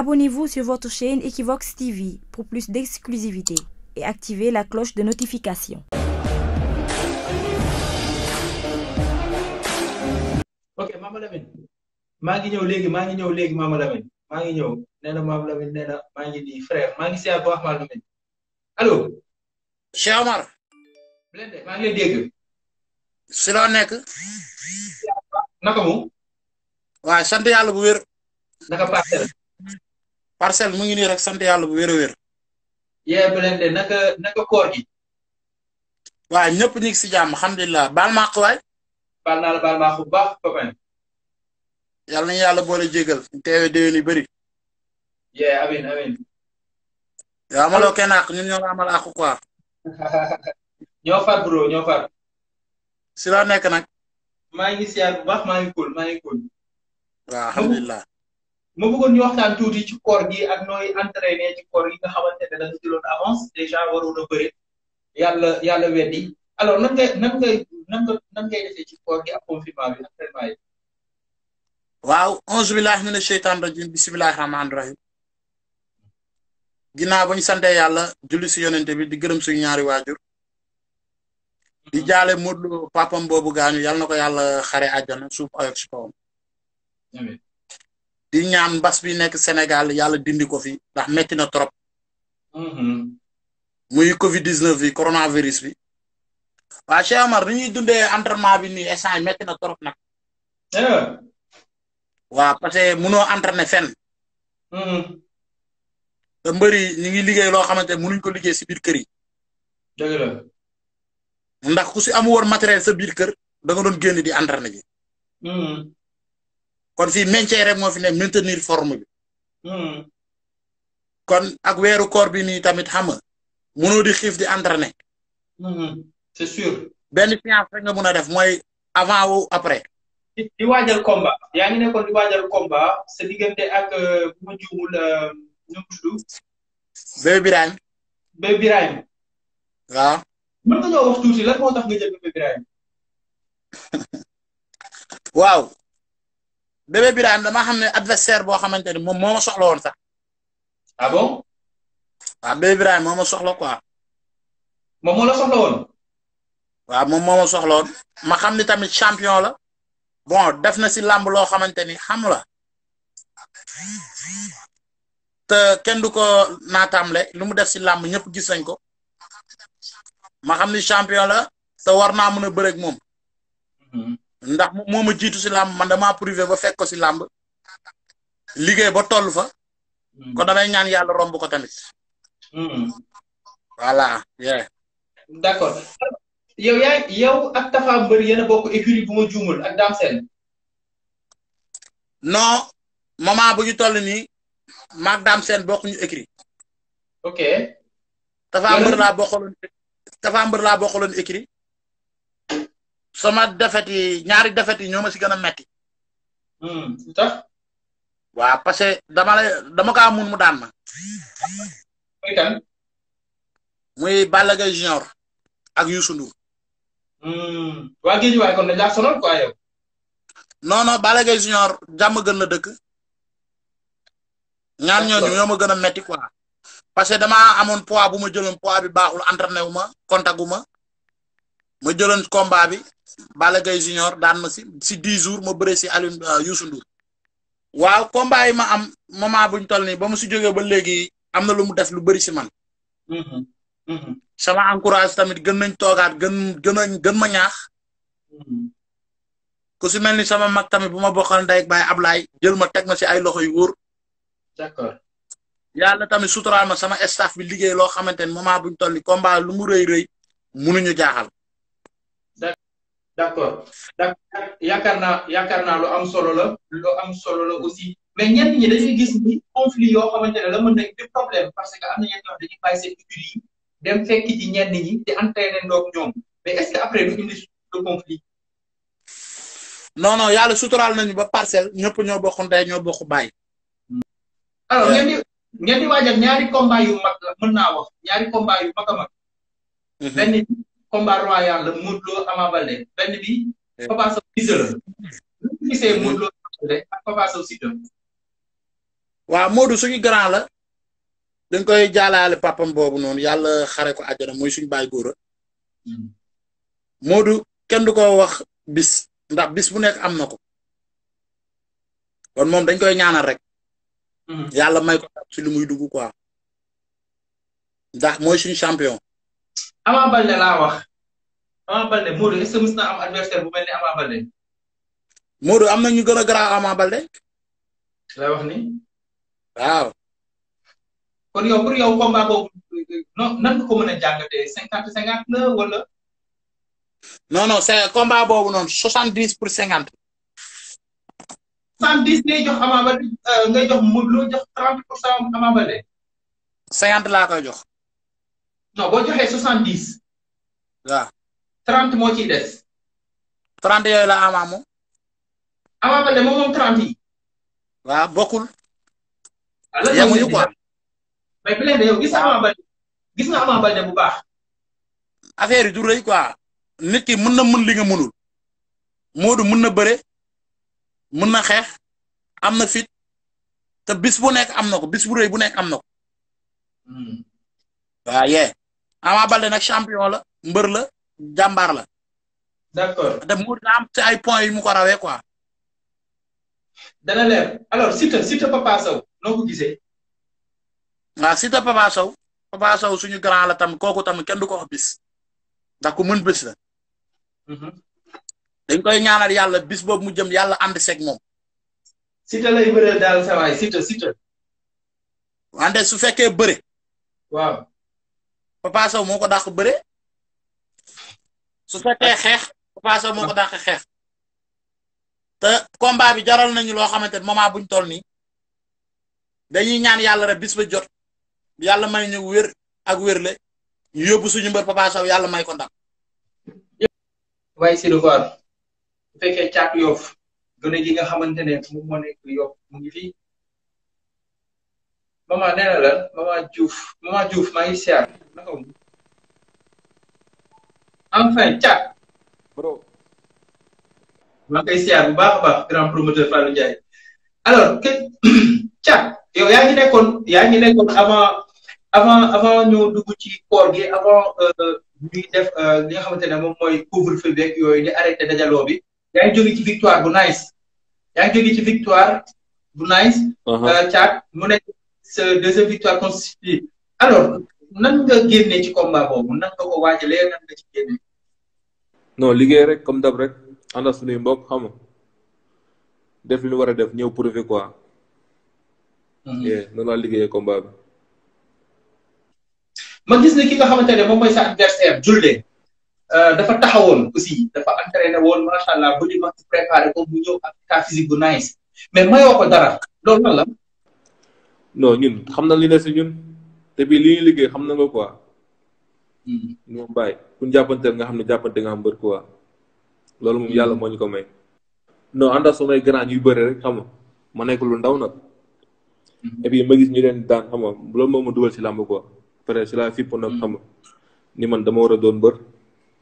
Abonnez-vous sur votre chaîne TV pour plus d'exclusivité et activez la cloche de notification. ok Mama Lamine maa ngi ñëw léegi maa ngi ñëw léegi Mama Lamine maa ngi ñëw nee na Mama Lamine nee na maa ngi nii frère maa ngi seetlu baax Mama Lamine allo. Cheikh Omar. Blindé maa naka mu. waaw sant yàlla bu wér. naka parcelle. parcelle mu ngi nii rek sant yàlla bu wér a wér. yee Blindé naka koor gi. waaw ñëpp ñu si jàmm alhamdulilah baal ma waay. baal naa la baal ma àq yàlla nañu yàlla boole jégal teewe déwén yu yee amin amin. yow amaloo kenn àq ñun ñoo la amal àq ñoo far bro ñoo far. si laa nekk nag. maa ngi siyaar bu baax maa ngi kóol maa ngi kóol. waaw alhamdulilah. ma bëggoon ñu waxtaan tuuti ci koor gi ak nooy entraîné ci koor yi nga xamante ne da nga jëloon avance déjà waroon a bëri yàlla yàlla weddi alors nan ngay nan ngay nan nga nan ngay defee ci koor gi ak confinement bi entraînement yi. waaw onze billahi mina sheytaan rajim bisimilahi rahmaani rahim ginnaaw ba ñu santee yàlla julli si yonente bi di gërëm suñu ñaari waajur di jaale Modou papam boobu gaañu yàlla na ko yàlla xare àjjana suuf ayof si kawam di ñaan mbas bi nekk Sénégal yàlla dindi ko fi ndax metti na trop. Mm-hmm. muy Covid 19 bi coronavirus bi. waa Cheikh Amar ni ñuy dundee entraînement bi nii instant metti na trop nag. Eh. waaw parce que munoo entraîner fenn. Mm-hmm. te mbëri ñu ngi liggéey loo xamante ne munuñ ko liggéey si biir kër yi. dëgg la. ndax ku si amu woon matériel sa biir kër da nga doon génn di entraîner ji. Mm-hmm. kon fii maintien rek moo fi ne maintenir forme bi. Hmm. kon ak weeru koor bi nii tamit xam nga mënoo di xiif hmm. c'est sûr. benn séance rek nga mun a def mooy avant wu après. di waajal combat yaa ngi nekkoon di waajal combat sa diggante ak euh, bu ma juumul euh, nu mu tudd. mën nga ñoo wax tuuti lan moo nga jël Bébé Birahim. bébé Birahim damaa xam ne adversaire boo xamante ni moom moo ma soxla woon sax. ah bon. bébé Birahim moo soxla quoi. moom moo soxla woon. moom moo ma soxla xam ni tamit champion la bon def na si làmb loo xamante ni xam la te kenn du ko naataamle lu mu def si làmb ñëpp gis nañ ko ma xam champion la te war naa mën a bëreeg moom. Mm-hmm. ndax moo ma jiitu si làmb man damaa privé ba fekk ko si làmb liggéey ba toll fa. Hmm. kon damay ñaan yàlla romb ko tamit. Hmm. voilà. d' accord yow yaa yow ak Tapha Mbeur yéen bokk écurie bu ma ak Dame Sène. non moment bu toll ni maag Dame Sène bokk ñu écurie. ok. la Mbeur laa bokkaloon Tapha Mbeur laa bokkaloon écurie. soma defet yi ñaari defet yi ñoo ma si gën a metti. Hmm, tax. waaw parce que dama lay dama kaa mun mu daan ma. muy kan. muy Balla ak Youssou Ndour. Hmm, waa géej waaye kon dañ laa sonal quoi yow. non non Balla Gaye junior jàmm gën la dëkk. ñaar ñooñu ñoo ma gën a metti quoi. parce que damaa amoon poids bu ma jëloon poids bi baaxul entraîné wu ma contact ma. ma jëloon combat bi Balla Gaye junior daan ma si di dix jours ma bëre si Alioune euh, Youssou Ndour waaw combat yi ma am moment buñ toll nii ba mu si jógee ba léegi am na lu mu def lu bëri si man. sama mhm, mhm. encourage tamit gën nañ toogaat gën gën gën ma ñax mhm. ku si mel ni sama mag tamit buma ma bokkal ndey ak baay Ablaay teg ma si ay loxo yu wóor. d'accord yàlla tamit suturaal sama staff bi liggéey loo xamante buñ toll nii combat lu rëy rëy munuñu jaaxal. d' accord d' yaakaar naa yaakaar naa lu am solo la lu am solo la aussi mais ñenn ñi dañuy gis ni conflit yoo xamante ne la mën nañ di problème parce que am na ñenn ñoo dañuy bàyyi yi te entraîné ndoog ñoom mais est ce que après du indi le nañu ba parcelle ñëpp ñoo bokk ndey ñoo bokk bàyyi. alors ngeen di ñaari combat yu mag mën naa wax ñaari combat yu mag a mag. Mm-hmm. combat royal la Modou la lu ñu suñu grand la dañ koy jaalaale papam boobu noonu yàlla xare ko àjjana mooy suñu baay góora hmm. Modou kenn du ko wax bis ndax bis bu nekk am na ko kon moom dañ koy ñaanal rek hmm. yàlla may ko ci lumuy muy dugg quoi ndax mooy suñu champion Ama Balde laa wax Ama Balde Modou est-ce am adversaire bu mel ni Ama Balde. Modou am na ñu gën a garaaw Ama Balde. laa wax ni. waaw. kon yow pour yow combat boobu non nan nga ko cinquante cinquante la wala. non non c'est combat boobu soixante dix pour cinquante. soixante dix ngay jox Ama Balde euh, ngay jox Modou jox trente pour cent Ama Balde. cinquante laa koy jox. non boo joxee soixante dix. waaw. trente moo des. trente yooyu la Ama moom. Ama Baldé moom moom trente yi. waaw bokkul. Ah, gis nga Ama Baldé gis Ama Baldé bu baax. affaire yi du rëy quoi. nit ki mën na mën li nga mënul. Modou mën na bëre. mën na xeex. am na fit. te bis bu nekk am na ko bis bu rëy bu nekk am na Ama Baldé nag champion la mbër la jàmbaar la. d'accord dem mu dina am ci ay point yu mu ko rawee quoi. dana leer alors Siteu Siteu Papa Sow noo ko gisee. waaw Siteu Papa grand tam kooku tam kenn du ko wax bis ndax ku mën bis la. Mhm. dañ koy ñaanal yàlla bis boobu mu jëm yàlla ànd seeg moom. Siteu lay bëree daal sa waay Siteu Siteu. su fekkee bëre. waaw. Papa Sow moo ko dàq bëre su fekkee xeex Papa Sow moo xeex te combat bi jaral nañu loo xamante ne moment buñ toll nii dañuy ñaan yàlla rek bis jot yàlla may ñu wér ak wér la ñu yóbbu suñu mbër Papa Sow yàlla may ko ndam. waaye si lu bu fekkee caag yoof gën a yi nga xamante ne moom mu ngi fi. maman nee na lan maman Diouf maman Diouf maa ngi siyaar naka mu. enfin Thiat. bro. maa grand promoteur Fallou Ndiaye. alors que Thiat yow yaa ngi nekkoon yaa ngi nekkoon avant avant avant ñoo dugg ci koor gi avant euh, ñuy def euh, li nga xamante ne moom mooy couvre-feu beeg yooyu di arrêté dajaloo bi. yaa ngi victoire bu nice. yaa ngi victoire bu nice. Uh-huh. Euh, Thiat mu nekk. sa deuxième victoire contre Siteu nan nga génne ci combat boobu nan liggéey rek comme dab rek ànd ak suñuy mbokk xam def li ñu def ñëw prouver quoi. Mhm. noonu gis ne ki nga ne moom mooy euh, dafa taxawoon préparé ko mu ñëw ak physique bu nice mais mayoo dara loolu lan non ñun xam na li ne si ñun te bii li ñuy liggéey xam na nga quoi. Hmm. ñu bàyyi ku ñu jàppanteel nga xam ne jàppante nga xam mbër quoi loolu moom yàlla hmm. moo ñu ko may. no ànd ak samay grand yu bëri rek xam ma nekk lu ndaw nag. Hmm. et puis ma gis ñu leen daan xam nga loolu moom ma dugal si làmb quoi après si la fipp nag xam ni man dama war a doon mbër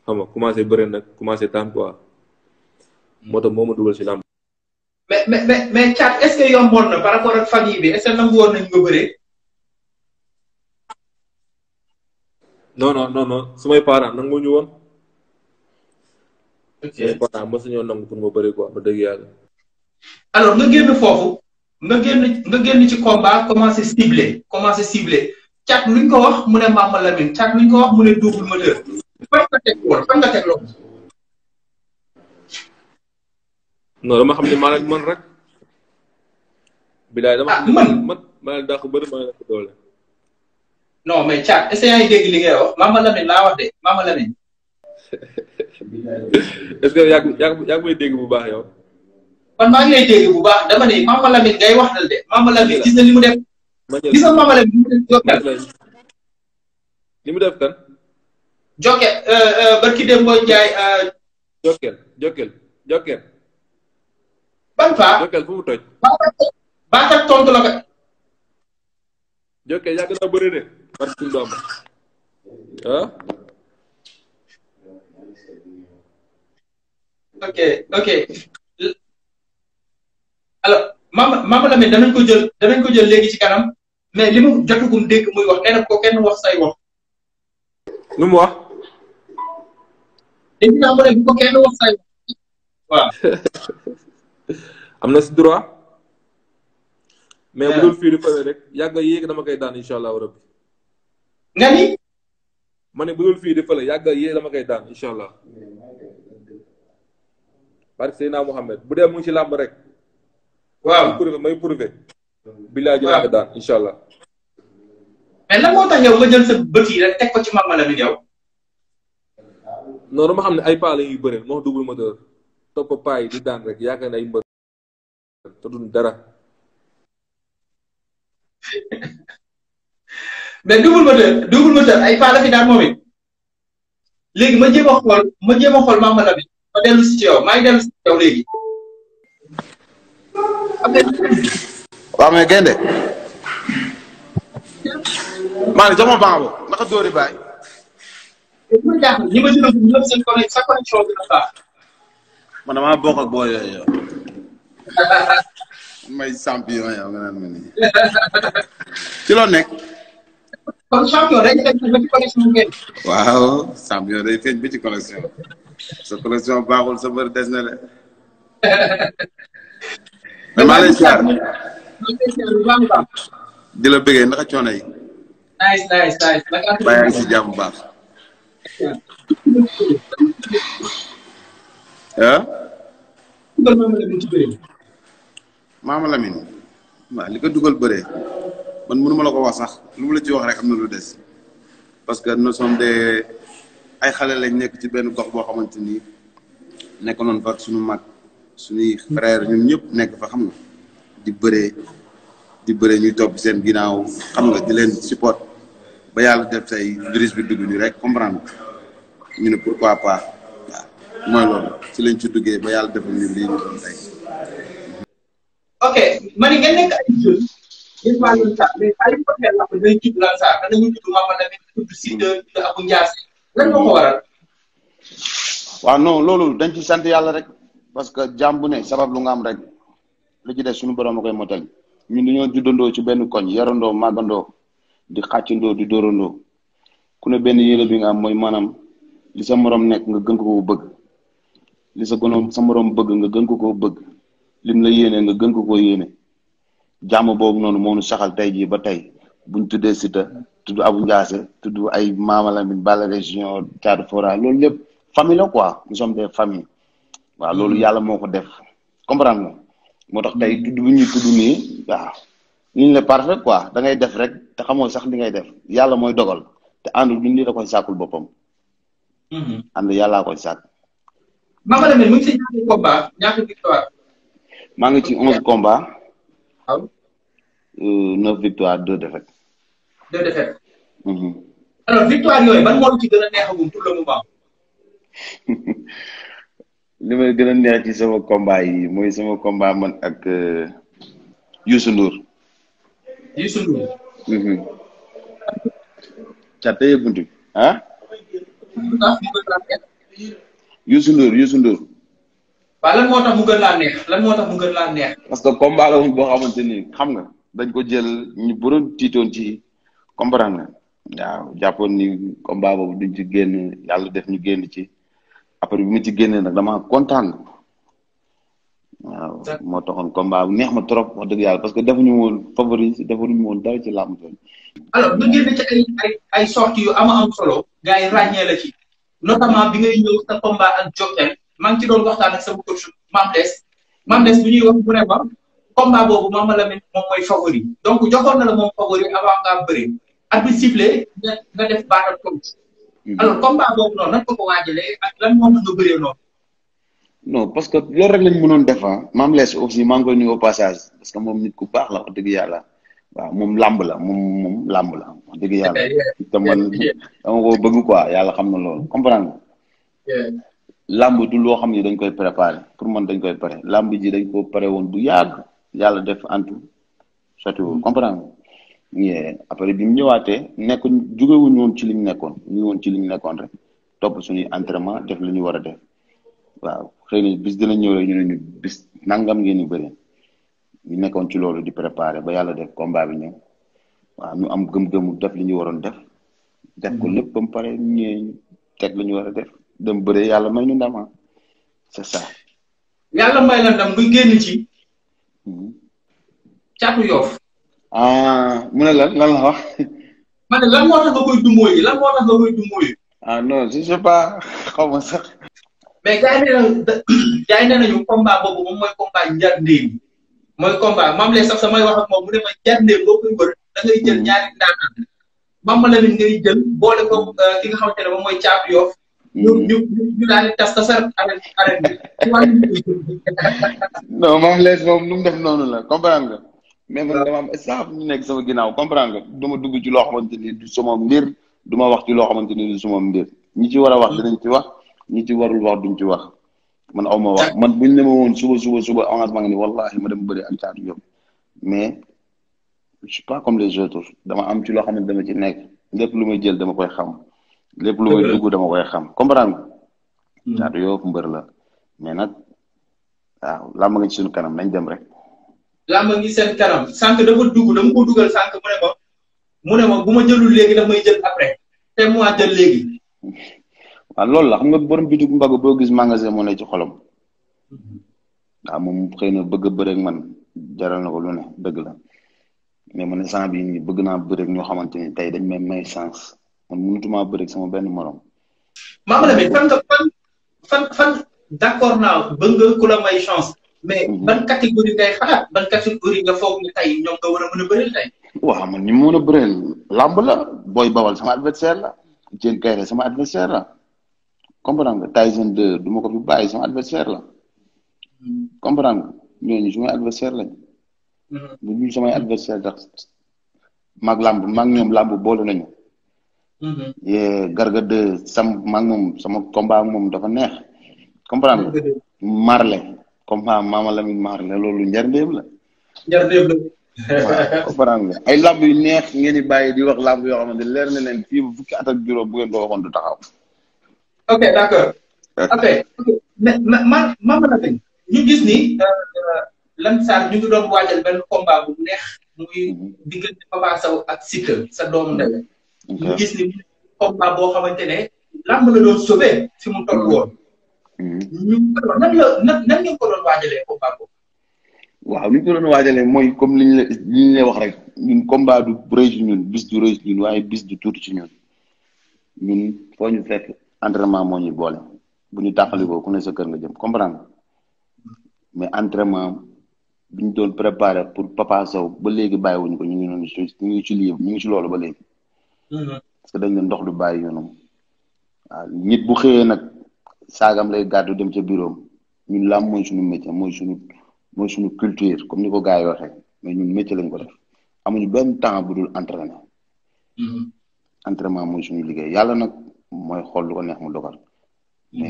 xam nga commencé bëre nag commencé daan quoi moo tax moo ma dugal si làmb. mais mais mais Thiat est-ce que yomboon na par rapport ak famille bi est-ce que nangu woon nañ nga bëree. non non non non sumay parents nangu ñu woon. ok sumay parents nangu pour nga bëri quoi ba dëgg yàlla. alors nga génn foofu nga génn nga génn ci combat commencé ciblé commencé ciblé Thiat luñ ko wax mu ne Mama Lamine Thiat luñ ko wax mu ne double moteur fan nga teg woon non dama xam ne maa man rek. bilaay dama ah, xam man man maa leen dàq bëri maa leen doole. non mais Thiat est-ce dégg li o wax Mama Lamine laa wax de Mama Lamine. est bu baax bu baax dama ngay wax dal de Mama Lamine gis na li def. gis na Mama Lamine li mu def def kan. Jokal euh, euh, barki Demba euh, ban faa. fu mu toj. baat ak tontu la ko. Jokal yàgg naa parce que doom ah. ok ok alors Mama Mama Lamine danañ ko jël danañ jël léegi ci kanam mais li mu jotugum dégg muy wax nee na ko kenn say wax. nu mu wax. dañu naan ko kenn wax say wax waaw. am na si droit. mais bu dul fii di fële rek yàgg yéeg dama koy daan ne bu fii di yàgg yéeg dama koy daan incha allah. barke Mohamed bu dee mu ngi ci làmb rek. waaw may prouvé may prouvé. bilaay ji laa ko daan incha mais lan moo tax yow nga jël sa bët yi rek teg ko ci Mame Malamine yow. non dama xam ne ay paa la ñuy bëreel moo double moteur. topp paa yi di daan rek yaakaar ne ay mbër te duñ dara. mais double moteur ay paa la fi daan moom léegi ma jéem a xool ma jéem ma dellu si ci yow maa si ci yow léegi. waaw mais gaynde maa ngi jox ma baax naka dóori bàyyi. man damaa bokk ak booy may champion yow ma nii. ci loo nekk. kon champion day feeñ ci collection bi. waaw champion feeñ ba ci collection sa collection baaxul sa bër des de. mais maa lay siyaar. di la si jàmm baax. ah. dugal Maama Lamine li ko dugal bëree man mënuma la ko wax sax lu mu la ci wax rek xam na lu des parce que nous sommes ay xale lañ nekk ci benn gox boo xamante ni nekk noonu fa suñu mag suñuy frère ñun ñëpp nekk fa xam nga di bëree di bëree ñuy topp seen ginnaaw xam nga di leen support ba yàlla def say virus bi dugg nii rek comprendre ñu ne pourquoi pas. mooy loolu ci lañ ba yàlla defal ñu lii loolu dañ ci sant yàlla rek parce que jàmm bu ne sabab lu nga am rek li ci des suñu borom a koy motal ñun dañoo juddandoo ci benn koñ yarandoo màggandoo di xàccandoo di dóorandoo ku ne benn yéene bi nga am mooy maanaam li sa morom nekk nga gën ko bëgg. li sa gonoom sa moroom bëgg nga gën ko koo bëgg lim la yéene nga gën ko koo yéene boobu noonu moo ñu saxal tey jii ba tey buñ tuddee Siteu tudd Abou Ndiassé tudd ay Mama Lamine Balla région Thiatou Fora loolu lépp famille la quoi nous sommes des familles waaw loolu mm-hmm. yàlla moo ko def comprendre moo tax tey tudd bu ñuy tudd nii waaw ñu la parfait quoi da def rek te xamoo sax li ngay def yàlla mooy dogal te àndul du ni da koy sàkkul boppam. Mm-hmm. ànd yàllaa koy sàkk. maa ngi ci onze combat. waaw. Euh, neuf victoire deux défaites. deux mm-hmm. victoire yooyu ban moo ci gën a neexagum pour le moment. li may gën a neex ci sama combat yi mooy sama combat man ak euh, Youssou Ndour. Youssou Ndour. Mm-hmm. ca tey buntu ah. Youssou Ndour Youssou Ndour. waaw mu gën laa neex lan moo tax que combat la boo xamante ni xam nga dañ ko jël ñu bëroon tiitoon ci comprendre nga waaw jàppoon ni combat boobu duñ ci génn yàlla def ñu génn ci après bi mu ci génnee nag damaa kontaan waaw moo taxoon combat bu neex ma trop wax dëgg yàlla parce que defuñu woon favori defuñu woon dara ci làmb doon. alors nga génn ci ay ay yu ama am solo. gars yi ci. notamment bi ngay ñëw sa combat ak Jokal maa ngi ci doon waxtaan ak sama coach Mame Less Mame Less bu ñuy wax mu ne ma combat boobu moom la mel moom mooy favori donc joxoon na la moom favori avant ngaa bëre at bi ciblé def baatal coach. Mhm. alors nan ko ko waajalee ak lan moo tax nga parce que loolu rek lañ mënoon defa ah. Mame Less aussi maa ngi koy nuyu au passage parce que moom nit ku baax la wax dëgg yàlla. waaw moom làmb la moom làmb la wax dëgg yàlla te man dama ko yàlla xam na loolu comprendre nga làmb du loo xam ne dañ koy préparé pour man dañ koy pare làmb ji dañ ko pare woon du yàgg yàlla def antu sotiwul comprendre nga après bi mu ñëwaatee nekk jugewuñu woon ci li ñu nekkoon ñu woon ci li ñu nekkoon rek topp suñuy entraînement def li ñu war a def waaw xëy na bis dina ñëw ñu ne ñu bis nangam ngeen ñu bëri ñu nekkoon ci loolu di préparer ba yàlla def combat bi ñëw waaw ñu am gëm-gëmu def li ñu waroon def. def ko mhm. lépp ba mu pare ñu teg li ñu war a def dem bëre yàlla may nu ndam ah. c'est ça. yàlla may la ndam buy génn ci. Mhm. caatu yoof. ah mu ne lan lan la wax. ma ne lan moo tax nga koy dumboo yi lan moo tax nga koy dumboo yi. ah non je sais pas xaw ma sax. mais gars yi nee nañu boobu moom mooy combat njar ndéem. mooy combat mam ma jàndee boo koy wër da ngay jël mm. ñaari ndaanaan Mama Lamine ngay boole ko euh, ki nga xamante ne moom mooy caab yoof mm. ñu ñu lees moom nu mu def noonu la comprendre nga mais man dama am staff ñu nekk sama ginnaaw comprendre nga du ma dugg ci loo xamante ni du sama mbir du ma wax ci loo xamante ni du sama mbir ñi ci war a wax dinañ ci wax ñi ci warul wax duñ ci wax man aw ma wax man buñ ne ma woon suba suba suba ma dem bëri ak caatu Diop mais je suis comme les autres dama am ci loo xam ne dama ci nekk lépp lu may jël dama koy xam. lépp lu may xam comprendre nga. Hmm. caatu Diop mbër la mais nag waaw làmb nga ci suñu kanam nañ dem rek. làmb ngi seen kanam sànq dama dugg dama ko dugal sànq mu ma mu ne ma bu ma jël après te mu jël léegi. waaw la xam nga borom bitig mbagu boo gis magasin moo ne ci xolam waaw moom xëy na bëgg a man jaral na ko lu ne dëgg la mais man instant bii bëgg naa bëreeg ñoo xamante ni tey dañ may may sens man mënutuma bëreeg benn morom. Mama Lamine fan nga fan chance. mais mhm. ban catégorie ngay xalaat ban catégorie nga foog ne tey ñoom nga war a mën a bëreel mu mën a bëreel làmb la booy bawal sama adversaire la Dieng Kayre sama adversaire la. comprendre nga Tyson 2 du ma ko fi bàyyi sama adversaire la comprendre nga ñooñu sumay adversaire lañ bu mm-hmm. ñu samay adversaire tax maag làmb mm-hmm. Garga 2 sam maag moom sama combat moom dafa neex comprendre nga marle combat maama Lamine marle loolu njariñam la njariñam la waaw comprendre ay làmb neex ngeen di di wax làmb yoo xamante leer na leen fii bu fukki at juróom bu ngeen ko waxoon taxaw ok d' accord. ok mais ma ma ma la ñu gis ni. Euh, Lansar ñu ngi doon waajal benn combat bu neex muy diggante Papa Sow ak Siteu sa doomu ndey. ñu gis ni combat boo xamante ne làmb la doon sauvé fi mu toll woon. Mm-hmm. ñu nan la nan nan ngeen ko doon waajalee combat boobu. waaw li ñu ko doon waajalee mooy comme liñ la liñ lay wax rek ñun combat du rëy ci ñun bis du rëy ci ñun waaye bis du tuuti ci ñun ñun foo ñu fekk. entraînement moo ñuy boole bu ñu tàqalikoo ku ne sa kër nga jëm comprendre mais entraînement bi ñu doon préparé pour Papa Sow ba léegi bàyyiwuñ ko ñu ngi noonu ñu ngi ci lii ñu ngi ci loolu ba léegi. Mm-hmm. parce que dañ ne ndox du bàyyi yoonam. waaw nit bu xëyee nag saagam lay gàddu dem ca bureau ñun làmb mooy suñu métier mooy suñu mooy suñu culture comme ni ko gars yi waxee mais ñun métier lañ ko def amuñu benn temps bu dul entraîner. Mm-hmm. entraînement mooy suñu liggéey yàlla nag. mooy xool lu ko neex mu dogal. Mm-hmm.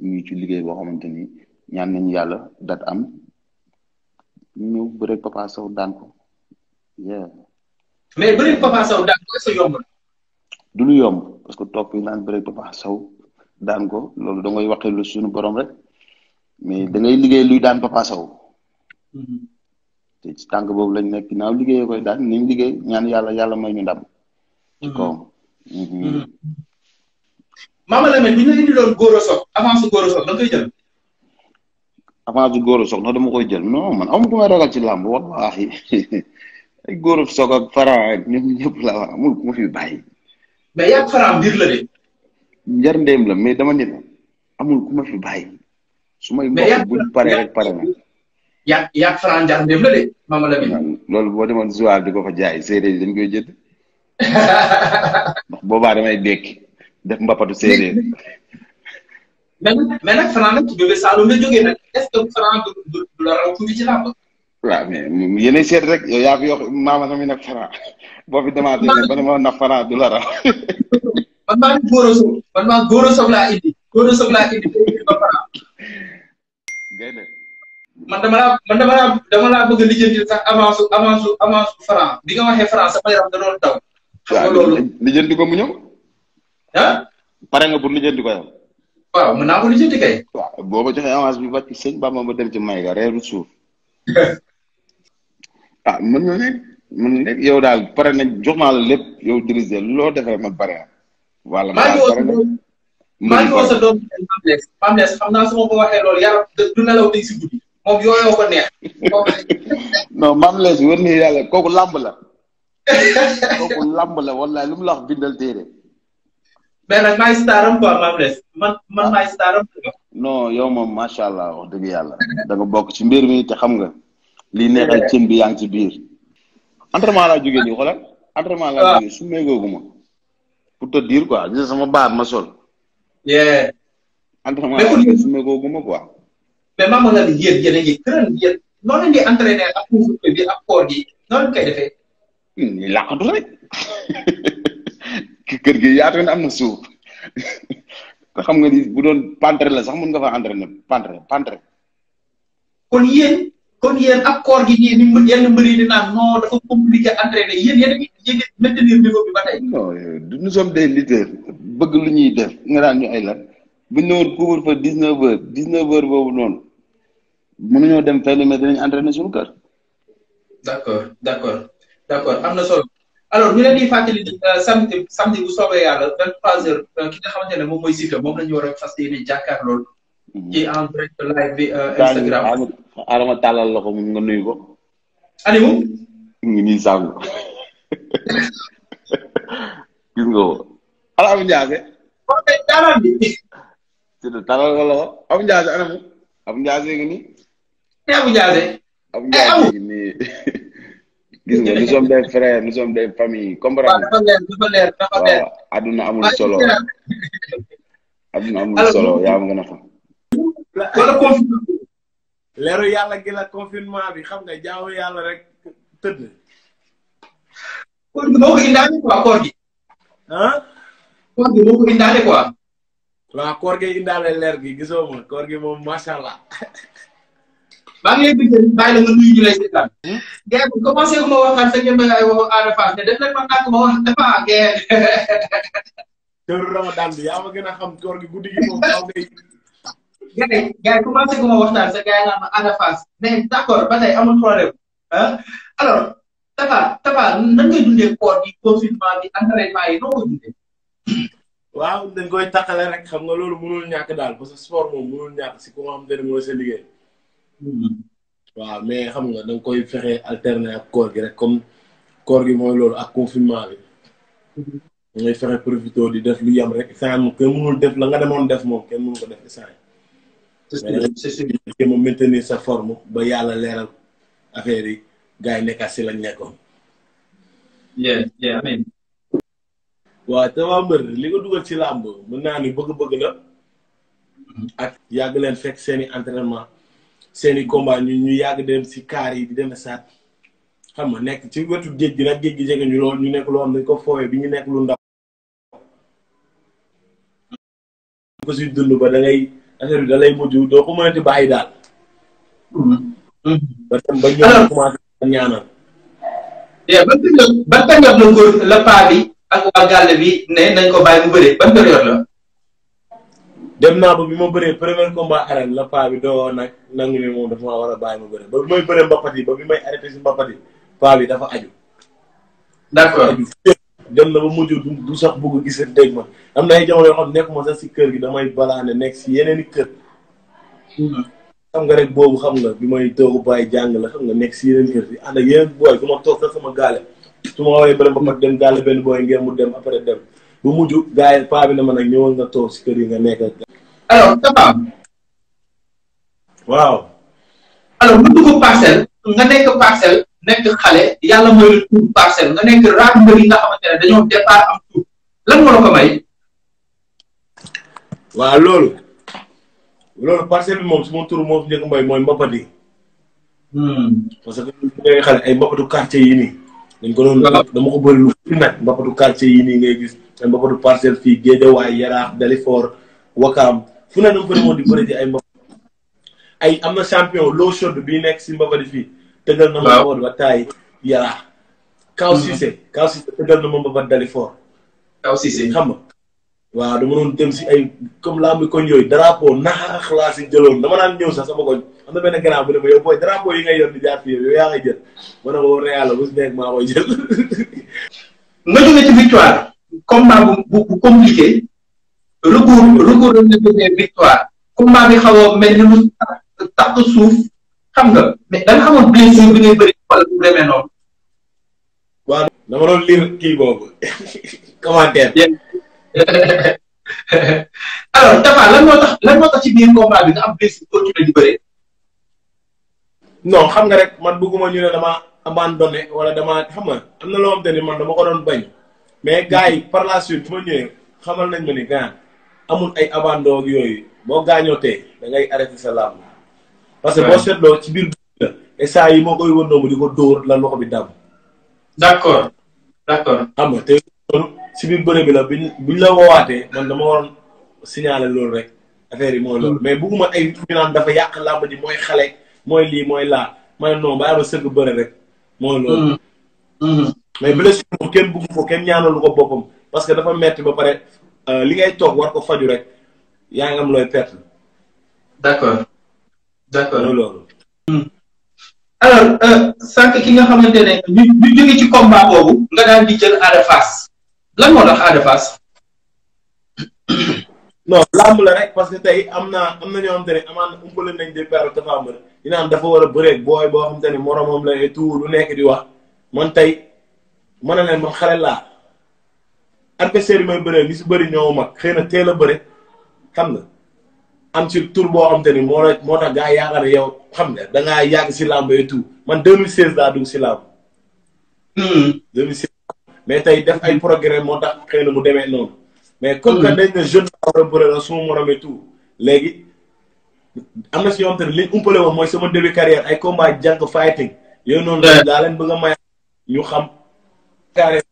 mais ñu ci liggéey boo xamante ni ñaan nañu yàlla dat am ñu ñëw bëreeg Papa Sow daan ko. mais bëreeg Papa lu yomb parce que topp yi naan bëreeg Papa Sow daan ko loolu da ngay waxee lu borom rek mais da liggéey luy daan Papa Sow. Mm-hmm. te ci tànk boobu lañ nekk ginnaaw liggéeyee koy daal nañ liggéey ñaan yàlla yàlla may ñu ndam. Mm-hmm. ci Mama Lamine bu ñu la indi doon góor a soog avance góor a soog da nga koy jël. avance góor a soog nag dama koy jël non man amu ko may ragal ci làmb wallaahi ay góor a soog ak Franc ak ñoom ñëpp la wax amul ku ma fi bàyyi. mais yàgg Franc mbir la de. njar ndéem la mais dama ne la amul ku ma fi bàyyi. su may mbokk buñ paree rek pare na. yàgg yàgg Franc njar ndéem la de Mama Lamine. loolu boo demoon Zouave di ko fa jaay séeréer yi dañ koy jënd ndax boobaa damay dekki. def mbappatu séeréer. mais mais nag Franc nag ci bébé nag est-ce que Franc du du la a soog man a soog laa indi a soog laa indi dama laa man dama laa dama a lijjanti sax avance avance avance Franc bi nga waxee Franc sama yaram da doon daw. xam loolu lijjanti ko mu ñëw. ah. pare nga pour lijjanti ko yow. waaw mën naa ko lijjanti kay. waaw joxe ma joxee avance bi ba ci sëñ Bamba ma dem ci may ga reeru suuf. ah mën na nekk yow daal pare nañ jox naa la lépp yow dirigé loo defee man pare na. voilà maa ngi doom Pamles Pamles xam naa su ma ko waxee loolu yaram du nelaw dañ si guddi moom kooku làmb la. kooku làmb la wallaahi lu mu la bindal téere mais nag non yow moom macha allah wax dëgg yàlla. da nga bokk ci mbir mi te xam nga. lii neexal cin bi yaa ngi ci biir. entraînement laa jógee nii xoolal. entraînement laa ah. jógee su meegoogu ma. pour te dire quoi gis sama baat ma sol. bien. entraînement ma la ñuy entraîné ak couvre-feu bi ak koor gi noonu koy rek. kër gi yaatu na am na suuf te xam nga ni bu doon pantre la sax mun nga fa entraîner pantre pantre. kon yéen kon yéen ak koor gi ñii ni mu yenn mbir yi bi ba tey. non bëgg lu ñuy def nga daan ñu ay lan bu ñu ne woon couvre-feu dix neuf heures dix neuf heures boobu noonu mënuñoo dem fenn mais dinañ entraîner suñu kër. d' accord d' accord d' accord am na solo. alors ñu leen di fàttali euh, samedi samedi bu soobee yàlla vingt trois heures euh, ki nga xamante ne moom moom la ñu war a fas lool. Mhm. ci en direct live euh, tàllal loxo mu nga nuyu ko. Aliou. ngi nii sàngu gis nga ko. Aliou Ndiaye. waaw ngi nii. Abou Ndiaye. Abou Ndiaye ngi nii. gis nga nous sommes des frères nous sommes des familles comprendre waaw adduna amul solo adduna amul solo yaa ma gën a xam. leeru yàlla gi la confinement bi xam nga jaamu yàlla rek tëdd. koor gi moo ko indaale quoi koor gi. ah. koor gi moo ko leer gi gisoo koor gi moom macha maa ngi lay bëggee bàyyi la nga nuyu ñu lay seetaan. gars yi commencé ma waxal sa ngeen bëgg ay waxu Ada Fass te def leen ma nàkk ma wax dafa gee. teru Ramadan bi yaa ma gën a xam koor gi guddi gi moom aw ngay. gars yi gars yi commencé ma waxtaan sa gars yi naan ma Ada Fass mais d'accord ba tey amul problème ah alors Tapha Tapha nan ngay dundee koor gi confinement bi entraînement yi noo ko dundee. waaw dañ koy taqale rek xam nga loolu mënul ñàkk daal parce que sport moom mënul ñàkk si ku nga xam te ne mooy sa liggéey. waaw mais xam nga da koy fexe alterner ak koor gi rek comme koor gi mooy loolu ak confinement bi. Mm-hmm. ngay fexe profité di def lu yam rek saa yi kenn def la nga demoon def moom kenn mënu ko def saa yi. c'est moom maintenir sa form ba yàlla leeral affaire yi gars yi nekkaat si lañ nekkoon. yeah yeah amiin. waaw te waa mbër li ko dugal ci làmb mën naa ni bëgg-bëgg la. Mm-hmm. ak yàgg leen fekk seeni entraînement. seen i combat ñu ñu yàgg dem si kaar yi di dem saat xam nga nekk ci wetu géej gi nag géej gi jege ñu lool ñu nekk loo xam dañ ko fooyee bi ñu nekk lu ndaw ko si dund ba da ngay affaire bi mujj doo ko mënati bàyyi daal ba dem ba ñëw commencé ñaanal ba ba tàngat la ko la paa bi ak waa gàll bi ne nañ ko bàyyi mu bëre ban période la dem naa ba bi ma bëree premier combat arène la paa bi doo nag nangu ni moom dafa maa war a bàyyi ma bëre ba bi may bëree mbapat yi ba bi may arrêté si mbapat yi paa bi dafa dem na ba mujj du du sax bëgg a gisee ma am na ay jamono yoo xam nekkuma sax si kër gi damay balaane nekk si yeneen i kër. xam nga rek boobu xam nga bi may doog bàyyi jàng la xam nga nekk si yeneen kër gi ànd ak yeneen booy bu toog sax sama gaale su ma woowee bëri ma dem gaale benn booy ngeen mu dem après dem. bu mujj gars yi paa na ma nag ñëwal nga toog si kër yi nga nekk ak. alors Tapha. waaw. alors mu dugg parcelle nga nekk parcelle nekk xale yàlla mooy la tuur parcelle nga nekk raar nga moom su ma tur moo hmm. que bu ngay xale ay ko doon dama ko bëri lu fi nag mbapatu quartier yi nii ngay gis te mbaparu parcelle fii Géejawaay Yaraax Dalifor Wakaam fu ne dama fa demoon di bëri ji ay mbapar ay am na champion loo chaude bi nekk si mbapari fii tëgal na ma mbapat ba taay Yaraax Kaw mm-hmm. Cissé Kaw Cissé ma mbapat Dalifor si ay comme lamb koñ yooyu drapeau naxaax laa si jëloon dama sax sama koñ am na benn grand bu ne ma yow booy drapeau yi ngay yor di jaar fii yow yaa ngay jël ma ne ma war na bu si nekk maa koy jël nga jóge ci victoire combat bu bu compliqué recours recours des victoire combat bi xaw a mel ni lu suuf xam nga mais da nga xamoon blessure bi ngay wala bu demee noonu. kii boobu commentaire. alors ci biir non xam nga rek man bëgguma ñu ne dama abandonné wala dama xam nga am na loo xamante ni man dama ko doon bañ. mais gars yi par la suite bu ma ñëwee xamal nañ ma ni gars amul ay abandon yooyu boo gaañoo tee da ngay arrêté sa làmb parce que boo seetloo ci biir la saa yi moo koy wëndoo mu di ko dóor la loxo bi dàmm. d' accord d' accord. xam nga te si biir bi la biñ buñ la woowaatee man dama waroon signaler loolu rek affaire yi mooy loolu mais bugguma ay ñu dafa yàq làmb ji mooy xale mooy lii mooy laa ma ne non bàyyi ma sëgg bëre rek mooy loolu. Mm-hmm. Mm-hmm. mais blessure moom kenn bëggu ko kenn ñaanalu ko boppam parce que dafa metti ba pare euh, li ngay toog war ko faju rek yaa ngi am looy perte. d'accord d'accord loolu. Hmm. alors euh, jël Ada Fass lan moo tax Ada la rek parce que tey am naa am na ne am rek. dina am dafa war a bëreeg boo boo xamante ne moromam la et tout nekk di wax man tey. ma ne leen man xale laa adversaire yi may bëree li si bëri ñoo mag xëy na teel a bëre xam nga am ci tur boo xam te ni moo moo tax gaa yaakaar yow xam nga da ngaa yàgg si làmb et tout man 2016 laa dugg si làmb. 2016. Hmm. mais tey def ay programme moo tax xëy na mu demee noonu. mais comme que hmm. dañ ne jeune laa war a bëre la suma morom et tout léegi am na si yoon te liñ umpale woon mooy sama début carrière ay combat jànk fighting yooyu noonu. daa leen bëgg a may ñu xam. yaakaaree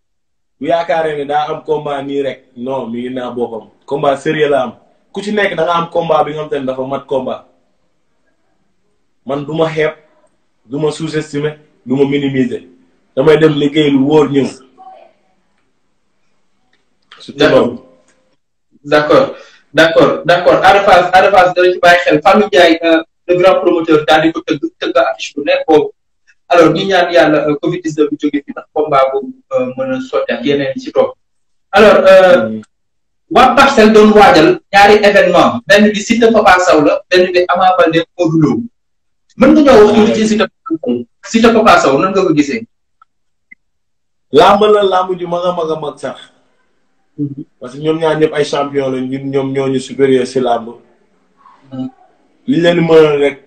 bu yaakaaree ne daa am combat nii rek no mi ngi naa boppam combat sérieux la am ku ci nekk da nga am combat bi nga xam te dafa mat combat man du ma xeeb du ma sous-estimer du ma damay dem liggéey lu wóor ñëw. surtout d' accord d' accord d' accord xel Fallou Ndiaye euh, le grand promoteur daal di tëgg tëgg affiche bu nekk boobu. alors ñu ñaan yàlla euh, Covid 19 bi jóge fi ndax combat boobu euh, mën a sotti ak yeneen ci toog alors euh, mm. waa parcelle doon waajal ñaari événement benn bi Siteu Papa Sow la benn bi Ama Baldé Modou Lô mën nga ko gisee. la làmb ju mag a mag a sax. Mm-hmm. parce que ñoom ñaar ñëpp ay champion la ñun ñoom ñoo ñu supérieur si làmb. Mm. li leen mënoon rek.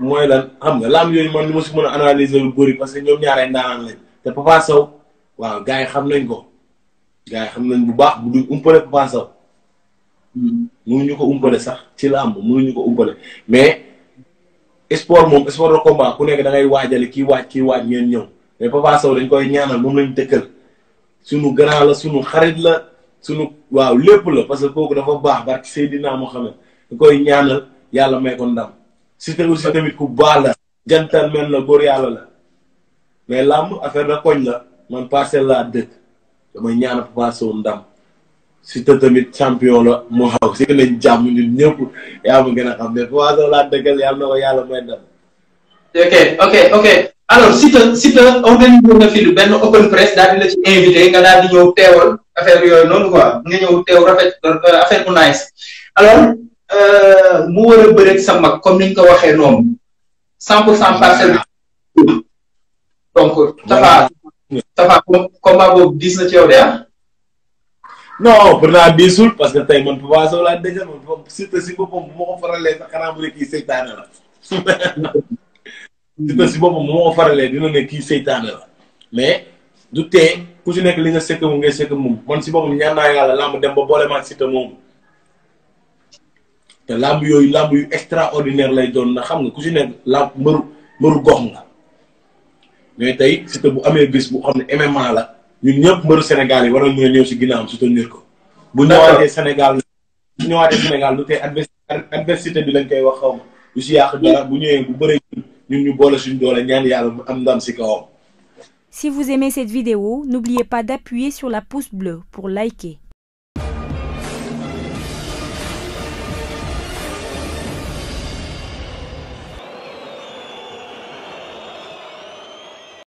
mooy lan xam nga lamb yooyu man li ma si mën a analyser lu bëri parce que ñoom ñaaree ndaanaan lañ te Papa waaw gaa yi xam nañ ko gars yi xam nañ bu baax bu duñ umpale Papa Sow mënuñu ko umpale sax ci lamb mënuñu ko umpale mais sport moom sport de combat ku nekk da ngay waajale kii waaj kii waaj ngeen ñëw mais Papa Sow ñaanal moom lañ dëkkal sunu grand la sunu xarit la sunu waaw lépp la parce que kooku dafa baax barki Seydina Muhammad dañ koy ñaanal yàlla may ko ndam Siteu aussi tamit ku baax la gentleman la góor yàlla la mais làmb affaire la koñ la man parcelle laa dëkk damay ñaan Papa Sow ndam Siteu tamit champion la moo xaw si nañ jàmm ñun ñëpp yaa ma gën xam ne Papa Sow laa dëggal na ko yàlla may ndam ok ok ok alors Siteu Siteu organisé na fi benn open press daal ci invité nga daal ñëw teewal affaire yooyu noonu quoi nga ñëw teew rafet euh, affaire nice alors Euh, mu war a bëreeg sa comme ni nga ko waxee noonu cent pour cent parcelle donc Tapha Tapha combat boobu diis na ci yow de ah non pourtant diisul parce que tey man Papa Sow laa dëggal man surtout si boppam bu ma ko faralee sax si boppam bu ma ko faralee dina ne kii seytaane la mais du tee ku si nekk li nga sëkk moom ngay sëkk moom man si boppam ñaan naa la làmb dem ba boole maag sita moomu te làmb yooyu làmb yu extraordinaire lay doon na xam nga ku si nekk làmb mbëru mbëru gox nga mais tey Siteu bu amee bis bu xam ne MMA la ñun ñëpp mbëru Sénégal yi waroon ñoo ñëw si ginnaawam soutenir ko. bu ñëwaatee Sénégal bu ñëwaatee Sénégal lu tey adversité bi lañ koy wax xaw ma lu si yàq dara bu ñëwee bu bëree ñun ñu boole suñ doole ñaan yàlla mu am ndam si kawam. Si vous aimez cette vidéo, n'oubliez pas d'appuyer sur la pouce bleue pour liker.